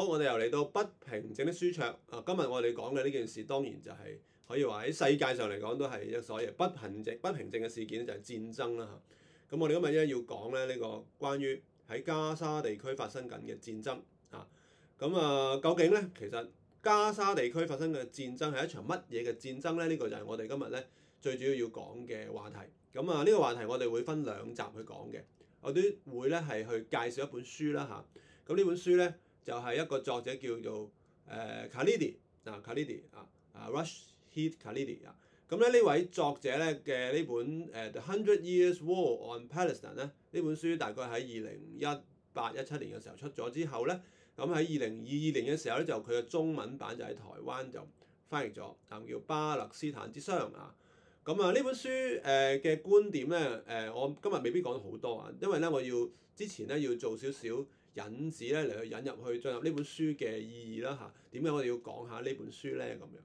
好，我哋又嚟到不平靜的書桌啊，今日我哋講嘅呢件事當然就係、是、可以話喺世界上嚟講都係一所謂不平靜、不平靜嘅事件就係、是、戰爭啦嚇。咁我哋今日咧要講咧呢個關於喺加沙地區發生緊嘅戰爭啊。咁啊，究竟咧其實加沙地區發生嘅戰爭係一場乜嘢嘅戰爭咧？呢、這個就係我哋今日咧最主要要講嘅話題。咁啊，呢個話題我哋會分兩集去講嘅，我都會咧係去介紹一本書啦嚇。咁呢本書咧。就係一個作者叫做誒 Khalidi、呃、啊 Khalidi 啊 Rashid idi，啊 Rashid Khalidi 啊，咁咧呢位作者咧嘅呢本誒、啊、The Hundred Years War on Palestine 咧，啊、呢本書大概喺二零一八一七年嘅時候出咗之後咧，咁喺二零二二年嘅時候咧就佢嘅中文版就喺台灣就翻譯咗，就、啊、叫巴勒斯坦之殤啊。咁啊，呢本書誒嘅、啊、觀點咧誒、啊、我今日未必講好多啊，因為咧我要之前咧要做少少，少。引子咧嚟去引入去進入呢本書嘅意義啦嚇，點解我哋要講下呢本書咧咁樣？誒、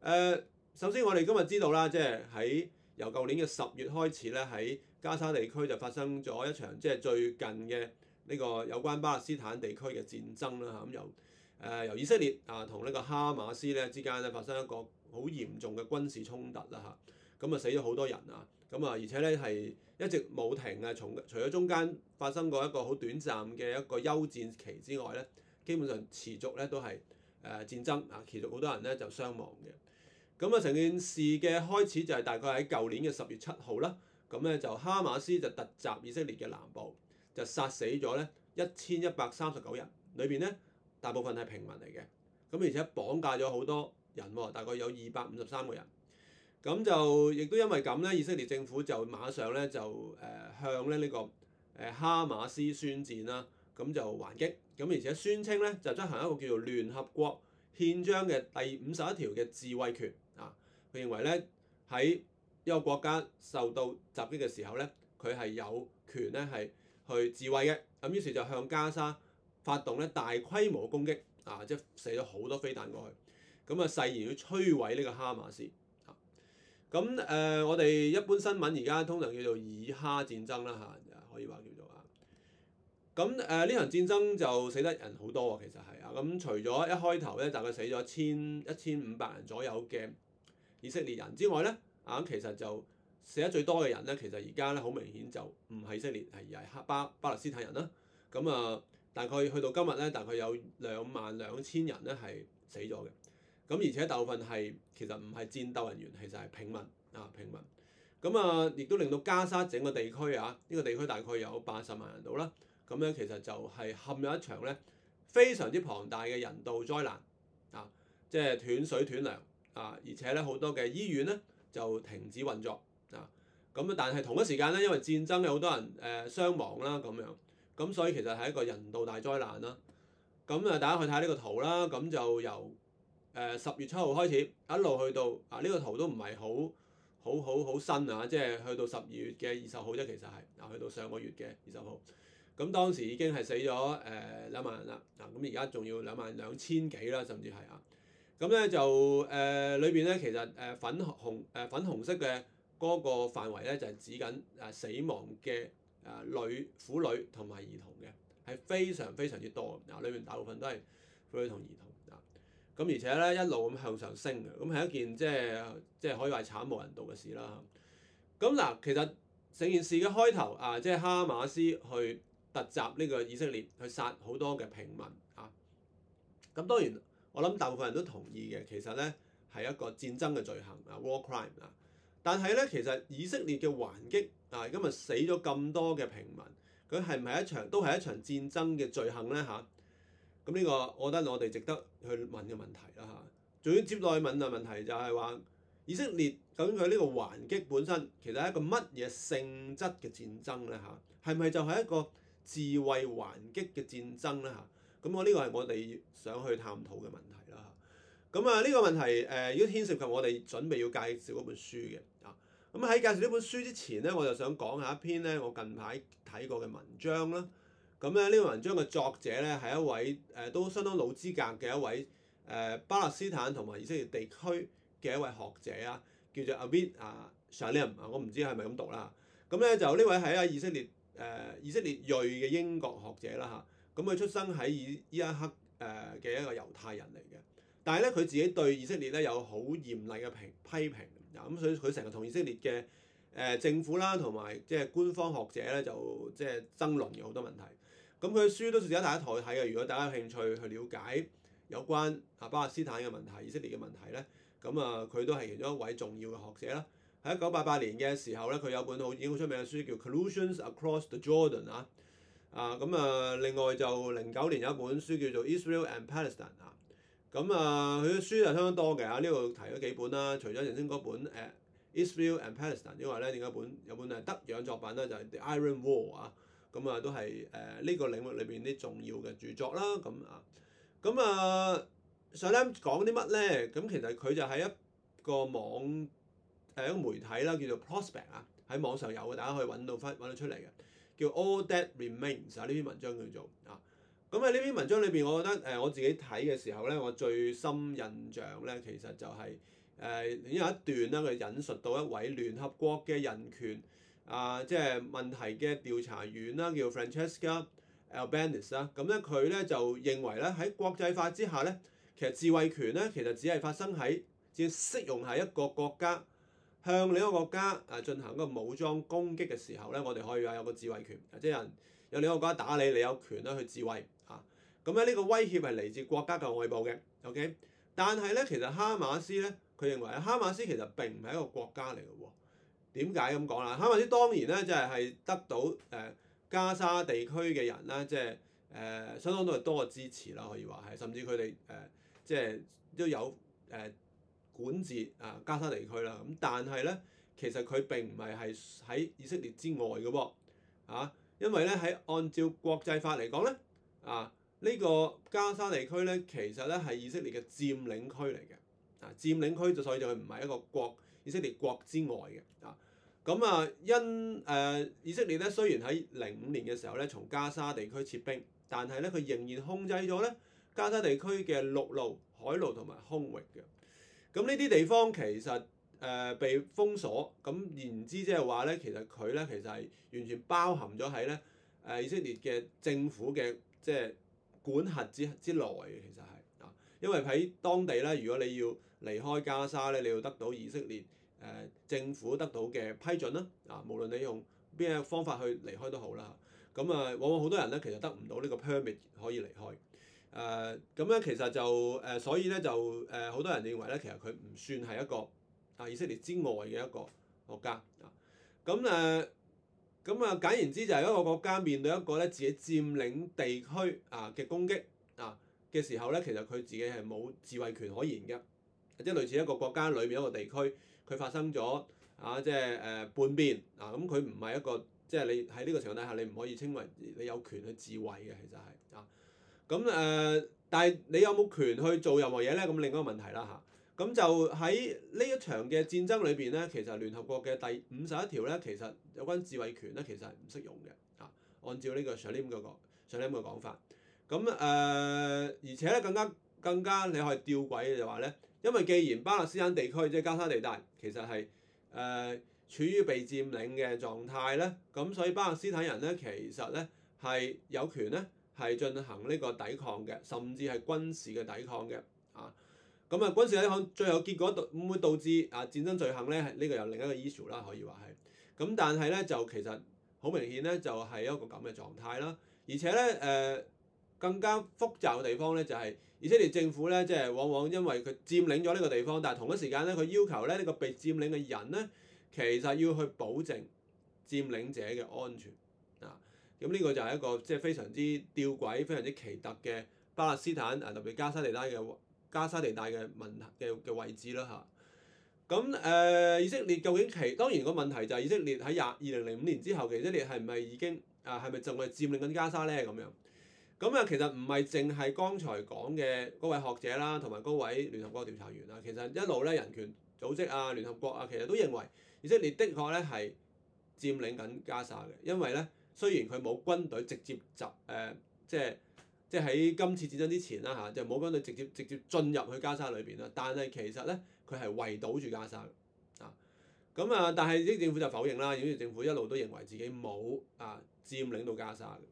呃，首先我哋今日知道啦，即係喺由舊年嘅十月開始咧，喺加沙地區就發生咗一場即係最近嘅呢個有關巴勒斯坦地區嘅戰爭啦嚇，咁由誒由以色列啊同呢個哈馬斯咧之間咧發生一個好嚴重嘅軍事衝突啦嚇。呃咁啊死咗好多人啊！咁啊而且咧係一直冇停啊，從除咗中間發生過一個好短暫嘅一個休戰期之外咧，基本上持續咧都係誒戰爭啊，其實好多人咧就傷亡嘅。咁啊成件事嘅開始就係大概喺舊年嘅十月七號啦，咁咧就哈馬斯就突襲以色列嘅南部，就殺死咗咧一千一百三十九人，裏邊咧大部分係平民嚟嘅。咁而且綁架咗好多人，大概有二百五十三個人。咁就亦都因為咁咧，以色列政府就馬上咧就誒向咧呢個誒哈馬斯宣戰啦，咁就還擊，咁而且宣稱咧就執行一個叫做聯合國憲章嘅第五十一條嘅自衛權啊，佢認為咧喺一個國家受到襲擊嘅時候咧，佢係有權咧係去自衛嘅，咁、啊、於是就向加沙發動咧大規模攻擊啊，即係射咗好多飛彈過去，咁啊誓言要摧毀呢個哈馬斯。咁誒、呃，我哋一般新聞而家通常叫做以哈戰爭啦嚇、啊，可以話叫做啊。咁、啊、誒，呢場戰爭就死得人好多喎、啊，其實係啊。咁除咗一開頭咧，大概死咗千一千五百人左右嘅以色列人之外咧，啊，其實就死得最多嘅人咧，其實而家咧好明顯就唔係以色列，係而係哈巴巴勒斯坦人啦、啊。咁啊，大概去到今日咧，大概有兩萬兩千人咧係死咗嘅。咁而且大部分係其實唔係戰鬥人員，其實係平民啊，平民。咁啊，亦都令到加沙整個地區啊，呢個地區大概有八十萬人到啦。咁咧，其實就係陷入一場咧非常之龐大嘅人道災難啊，即係斷水斷糧啊，而且咧好多嘅醫院咧就停止運作啊。咁啊，但係同一時間咧，因為戰爭有好多人誒傷亡啦咁樣，咁所以其實係一個人道大災難啦。咁啊，大家去睇下呢個圖啦，咁就由，誒十月七號開始，一路去到啊呢、這個圖都唔係好好好好新啊，即係去到十二月嘅二十號啫，其實係啊，去到上個月嘅二十號，咁、啊、當時已經係死咗誒兩萬人啦，啊咁而家仲要兩萬兩千幾啦，甚至係啊，咁咧就誒裏邊咧其實誒、啊、粉紅誒、啊、粉紅色嘅嗰個範圍咧就係、是、指緊誒死亡嘅誒、啊、女婦女同埋兒童嘅，係非常非常之多，嗱裏邊大部分都係婦女同兒童。咁而且咧一路咁向上升嘅，咁係一件即係即係可以話慘無人道嘅事啦。咁嗱，其實成件事嘅開頭啊，即係哈馬斯去突襲呢個以色列，去殺好多嘅平民啊。咁當然我諗大部分人都同意嘅，其實咧係一個戰爭嘅罪行啊 （war crime） 啊。但係咧，其實以色列嘅還擊啊，今日死咗咁多嘅平民，佢係唔係一場都係一場戰爭嘅罪行咧？嚇？咁呢個，我覺得我哋值得去問嘅問題啦吓，仲要接落去問嘅問題就係話，以色列究竟佢呢個還擊本身，其實係一個乜嘢性質嘅戰爭咧吓，係咪就係一個自衛還擊嘅戰爭咧吓，咁我呢個係我哋想去探討嘅問題啦。吓，咁啊，呢個問題誒，如果牽涉及我哋準備要介紹嗰本書嘅啊，咁喺介紹呢本書之前咧，我就想講下一篇咧，我近排睇過嘅文章啦。咁咧呢篇文章嘅作者咧係一位誒、呃、都相當老資格嘅一位誒、呃、巴勒斯坦同埋以色列地區嘅一位學者啊，叫做 Avi Shlaim 啊，我唔知係咪咁讀啦。咁咧就呢位係啊以色列誒、呃、以色列裔嘅英國學者啦吓，咁、啊、佢出生喺伊拉克誒嘅、呃、一個猶太人嚟嘅，但係咧佢自己對以色列咧有好嚴厲嘅評批評，咁、啊、所以佢成日同以色列嘅誒、呃、政府啦同埋即係官方學者咧就即係爭論咗好多問題。咁佢書都值得大家台睇嘅，如果大家有興趣去了解有關啊巴勒斯坦嘅問題、以色列嘅問題咧，咁啊佢都係其中一位重要嘅學者啦。喺一九八八年嘅時候咧，佢有本好已經好出名嘅書叫《Collusion Across the Jordan》啊。啊咁啊，另外就零九年有一本書叫做《Israel and Palestine》啊。咁啊，佢嘅書就相當多嘅啊。呢度提咗幾本啦，除咗頭先嗰本誒《Israel and Palestine》，之、啊、外咧另一本有本係德氧作品啦，就係、是《The Iron Wall》啊。咁啊，都係誒呢個領域裏邊啲重要嘅著作啦，咁啊，咁啊，上咧講啲乜咧？咁其實佢就係一個網誒一個媒體啦，叫做 Prospect 啊，喺網上有嘅，大家可以揾到翻揾到出嚟嘅，叫 All that Remains 啊，呢篇文章叫做啊。咁喺呢篇文章裏邊，我覺得誒、呃、我自己睇嘅時候咧，我最深印象咧，其實就係、是、誒、呃、有一段咧，佢引述到一位聯合國嘅人權。啊，即係問題嘅調查員啦，叫 Francesca Albanese 啦、啊。咁咧佢咧就認為咧喺國際法之下咧，其實自衛權咧其實只係發生喺只適用喺一個國家向另一個國家啊進行嗰個武裝攻擊嘅時候咧，我哋可以有個自衛權。即係有另一個國家打你，你有權咧去自衛嚇。咁咧呢個威脅係嚟自國家嘅外部嘅。OK，但係咧其實哈馬斯咧佢認為哈馬斯其實並唔係一個國家嚟嘅喎。點解咁講啦？嚇，或者當然咧，即係係得到誒、呃、加沙地區嘅人啦，即係誒相當都係多嘅支持啦，可以話係，甚至佢哋誒即係都有誒、呃、管治啊、呃、加沙地區啦。咁但係咧，其實佢並唔係係喺以色列之外嘅喎，啊，因為咧喺按照國際法嚟講咧，啊呢、呢個加沙地區咧其實咧係以色列嘅佔領區嚟嘅，啊佔領區就所以就唔係一個國以色列國之外嘅，啊。啊。咁啊，因誒、呃、以色列咧，雖然喺零五年嘅時候咧，從加沙地區撤兵，但係咧佢仍然控制咗咧加沙地區嘅陸路、海路同埋空域嘅。咁呢啲地方其實誒、呃、被封鎖，咁言之即係話咧，其實佢咧其實係完全包含咗喺咧誒以色列嘅政府嘅即係管轄之之內嘅。其實係啊，因為喺當地咧，如果你要離開加沙咧，你要得到以色列，誒、呃、政府得到嘅批准啦，啊，無論你用邊一個方法去離開都好啦。咁啊，往往好多人咧，其實得唔到呢個 permit 可以離開。誒咁咧，其實就誒、啊，所以咧就誒，好、啊、多人認為咧，其實佢唔算係一個啊以色列之外嘅一個國家。咁誒咁啊，簡言之就係一個國家面對一個咧自己佔領地區啊嘅攻擊啊嘅時候咧，其實佢自己係冇自衞權可言嘅，即係類似一個國家裏面一個地區。佢發生咗啊，即係誒叛變啊，咁佢唔係一個即係你喺呢個情況底下，你唔可以稱為你有權去自衛嘅，其實係啊，咁、啊、誒，但係你有冇權去做任何嘢咧？咁另一個問題啦嚇，咁、啊啊、就喺呢一場嘅戰爭裏邊咧，其實聯合國嘅第五十一條咧，其實有關自衛權咧，其實係唔適用嘅啊。按照呢個上林嘅講，上林嘅講法，咁誒、啊啊、而且咧更加更加你可以吊軌吊詭就話咧。因為既然巴勒斯坦地區即係加沙地帶，其實係誒、呃、處於被佔領嘅狀態咧，咁所以巴勒斯坦人咧其實咧係有權咧係進行呢個抵抗嘅，甚至係軍事嘅抵抗嘅啊。咁、嗯、啊，軍事抵抗最後結果會唔會導致啊戰爭罪行咧？呢、呢個又另一個 issue 啦，可以話係。咁、嗯、但係咧就其實好明顯咧就係、係、一個咁嘅狀態啦，而且咧誒、呃、更加複雜嘅地方咧就係、係。以色列政府咧，即係往往因為佢佔領咗呢個地方，但係同一時間咧，佢要求咧呢個被佔領嘅人咧，其實要去保證佔領者嘅安全啊。咁呢個就係一個即係、就是、非常之吊詭、非常之奇特嘅巴勒斯坦啊，特別加沙地帶嘅加沙地帶嘅民嘅嘅位置啦嚇。咁、啊、誒、呃，以色列究竟其當然個問題就係、是、以色列喺廿二零零五年之後，以色列係唔係已經啊係咪仲係佔領緊加沙咧咁樣？咁啊，其實唔係淨係剛才講嘅嗰位學者啦，同埋嗰位聯合國調查員啦，其實一路咧人權組織啊、聯合國啊，其實都認為，以色列的確咧係佔領緊加沙嘅，因為咧雖然佢冇軍隊直接襲，誒、呃、即係即係喺今次戰爭之前啦嚇，就、啊、冇軍隊直接直接進入去加沙裏邊啦，但係其實咧佢係圍堵住加沙嘅，啊，咁啊，但係以色列政府就否認啦，以色列政府一路都認為自己冇啊佔領到加沙嘅。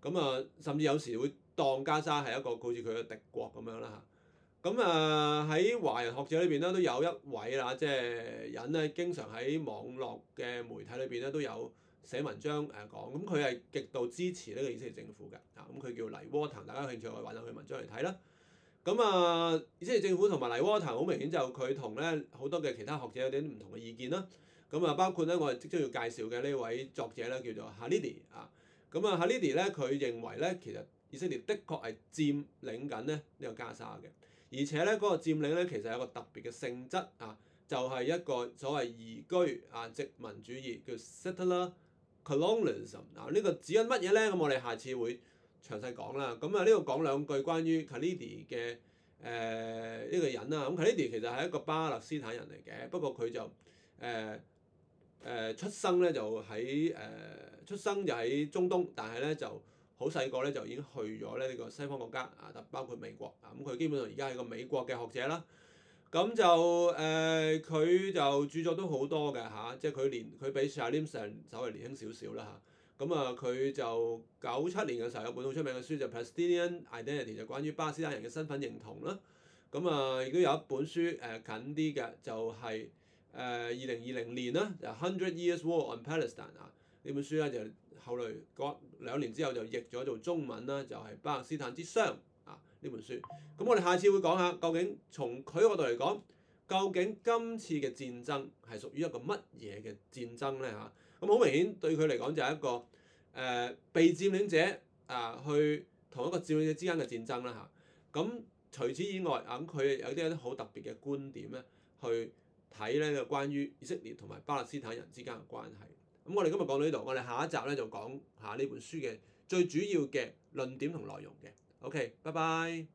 咁啊，甚至有時會當加沙係一個好似佢嘅敵國咁樣啦。咁啊喺華人學者裏邊咧，都有一位啦，即係人咧，經常喺網絡嘅媒體裏邊咧都有寫文章誒講。咁佢係極度支持呢個以色列政府㗎。啊，咁佢叫黎窩騰，大家有興趣可以揾到佢文章嚟睇啦。咁啊，以色列政府同埋黎窩騰好明顯就佢同咧好多嘅其他學者有啲唔同嘅意見啦。咁啊，包括咧我哋即將要介紹嘅呢位作者咧叫做 Halidi 啊。咁啊，哈立迪咧，佢認為咧，其實以色列的確係佔領緊咧呢個加沙嘅，而且咧嗰，那個佔領咧，其實有個特別嘅性質啊，就係，是，一個所謂移居啊殖民主義叫 settler colonialism 嗱，啊，呢，這個指緊乜嘢咧？咁我哋下次會詳細講啦。咁啊，呢度講兩句關於哈立迪嘅誒呢個人啊。咁哈立迪其實係一個巴勒斯坦人嚟嘅，不過佢就誒。呃誒、呃、出生咧就喺誒出生就喺中東，但係咧就好細個咧就已經去咗咧呢個西方國家啊，包括美國啊，咁、嗯、佢基本上而家係個美國嘅學者啦。咁就誒佢就著作都好多嘅嚇、啊，即係佢年，佢比 Shlaim 稍微年輕少少啦嚇。咁啊佢、嗯啊、就九七年嘅時候有本好出名嘅書就 Palestinian Identity 就關於巴勒斯坦人嘅身份認同啦。咁啊亦都有一本書誒、啊、近啲嘅就係、是。誒二零二零年啦，就《Hundred Years War on Palestine》啊，呢本書咧就後來兩年之後就譯咗做中文啦、啊，就係、是《巴勒斯坦之殤》啊呢本書。咁我哋下次會講下，究竟從佢嗰度嚟講，究竟今次嘅戰爭係屬於一個乜嘢嘅戰爭咧？嚇、啊，咁好明顯對佢嚟講就係一個誒、呃、被佔領者啊，去同一個佔領者之間嘅戰爭啦嚇。咁、啊、除此以外，咁、啊、佢有啲好特別嘅觀點咧，去。睇咧就關於以色列同埋巴勒斯坦人之間嘅關係。咁我哋今日講到呢度，我哋下一集咧就講下呢本書嘅最主要嘅論點同內容嘅。OK，拜拜。